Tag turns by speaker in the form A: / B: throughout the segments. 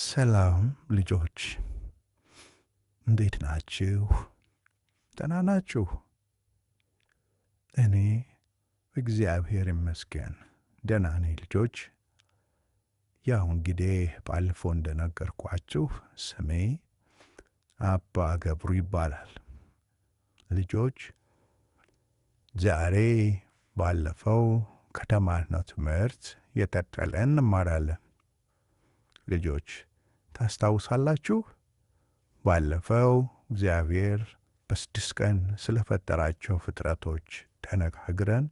A: ሰላም ልጆች፣ እንዴት ናችሁ?
B: ደህና ናችሁ?
A: እኔ እግዚአብሔር ይመስገን
B: ደህና ነኝ ልጆች።
A: ያው እንግዲህ ባለፈው እንደነገርኳችሁ ስሜ አባ ገብሩ ይባላል።
B: ልጆች ዛሬ ባለፈው ከተማርነው ትምህርት የቀጠለ እንማራለን ልጆች ታስታውሳላችሁ?
A: ባለፈው እግዚአብሔር በስድስት ቀን ስለፈጠራቸው ፍጥረቶች ተነጋግረን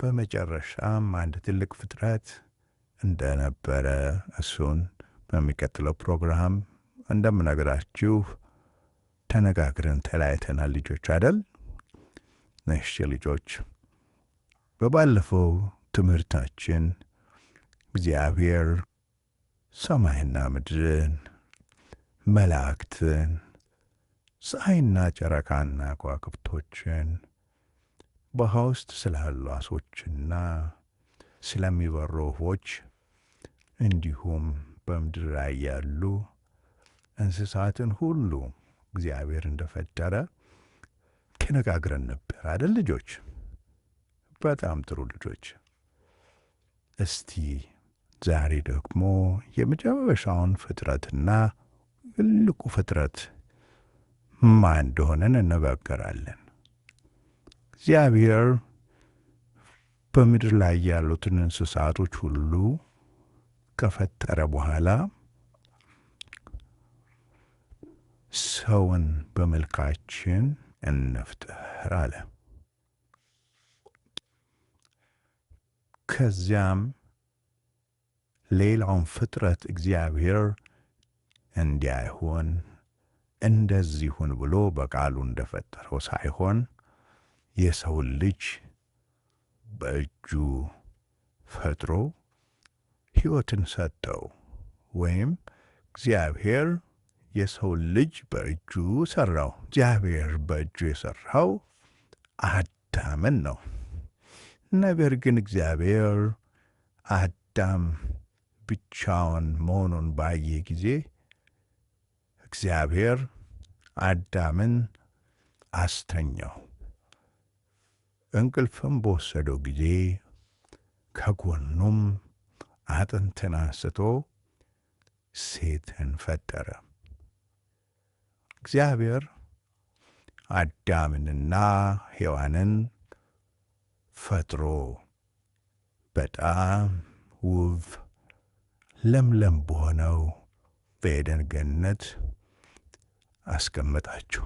A: በመጨረሻም አንድ ትልቅ ፍጥረት እንደነበረ እሱን በሚቀጥለው ፕሮግራም እንደምነግራችሁ ተነጋግረን ተለያይተናል። ልጆች አደል
B: ነሽ? ልጆች
A: በባለፈው ትምህርታችን እግዚአብሔር ሰማይና ምድርን፣ መላእክትን፣ ፀሐይና ጨረቃና ከዋክብቶችን በውሃ ውስጥ ስላሉ ዓሦችና ስለሚበሩ ወፎች እንዲሁም በምድር ላይ ያሉ እንስሳትን ሁሉ እግዚአብሔር እንደፈጠረ ተነጋግረን ነበር አይደል? ልጆች፣
B: በጣም ጥሩ ልጆች።
A: እስቲ ዛሬ ደግሞ የመጨረሻውን ፍጥረትና ትልቁ ፍጥረት ማን እንደሆነን እንነጋገራለን። እግዚአብሔር በምድር ላይ ያሉትን እንስሳቶች ሁሉ ከፈጠረ በኋላ ሰውን በመልካችን እንፍጠር አለ። ከዚያም ሌላውን ፍጥረት እግዚአብሔር እንዲያይሆን እንደዚሁን ብሎ በቃሉ እንደፈጠረው ሳይሆን የሰውን ልጅ በእጁ ፈጥሮ ሕይወትን ሰጠው። ወይም እግዚአብሔር የሰውን ልጅ በእጁ ሰራው። እግዚአብሔር በእጁ የሰራው አዳምን ነው። ነገር ግን እግዚአብሔር አዳም ብቻውን መሆኑን ባየ ጊዜ እግዚአብሔር አዳምን አስተኛው። እንቅልፍም በወሰደው ጊዜ ከጎኑም አጥንትን አንስቶ ሴትን ፈጠረ። እግዚአብሔር አዳምንና ሔዋንን ፈጥሮ በጣም ውብ ለምለም በሆነው በኤደን ገነት አስቀመጣችሁ።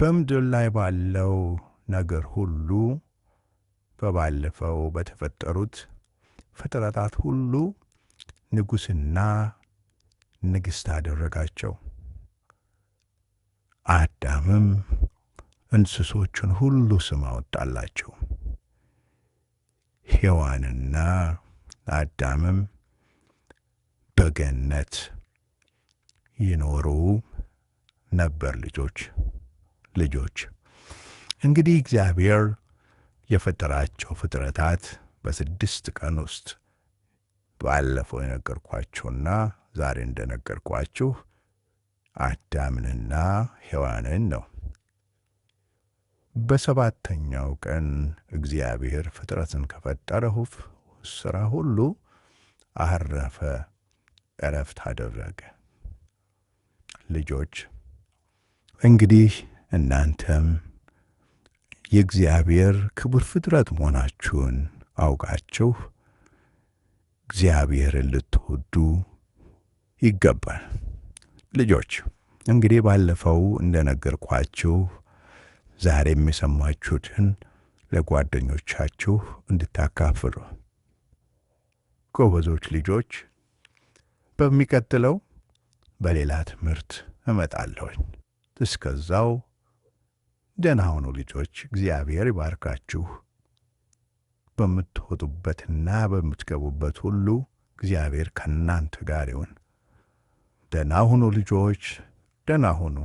A: በምድር ላይ ባለው ነገር ሁሉ በባለፈው በተፈጠሩት ፍጥረታት ሁሉ ንጉሥና ንግሥት አደረጋቸው። አዳምም እንስሶቹን ሁሉ ስም አወጣላቸው። ሔዋንና አዳምም በገነት ይኖሩ ነበር። ልጆች ልጆች እንግዲህ እግዚአብሔር የፈጠራቸው ፍጥረታት በስድስት ቀን ውስጥ ባለፈው የነገርኳችሁና ዛሬ እንደነገርኳችሁ አዳምንና ሔዋንን ነው። በሰባተኛው ቀን እግዚአብሔር ፍጥረትን ከፈጠረ ሥራ ሁሉ አረፈ፣ እረፍት አደረገ። ልጆች እንግዲህ እናንተም የእግዚአብሔር ክቡር ፍጥረት መሆናችሁን አውቃችሁ እግዚአብሔርን ልትወዱ ይገባል።
B: ልጆች እንግዲህ ባለፈው እንደነገርኳችሁ ዛሬ የሚሰማችሁትን ለጓደኞቻችሁ እንድታካፍሉ ጎበዞች ልጆች፣ በሚቀጥለው በሌላ ትምህርት እመጣለሁኝ። እስከዛው ደህና ሁኑ ልጆች፣ እግዚአብሔር ይባርካችሁ። በምትወጡበትና በምትገቡበት ሁሉ እግዚአብሔር ከእናንተ ጋር ይሁን። ደህና ሁኑ ልጆች፣ ደህና ሁኑ።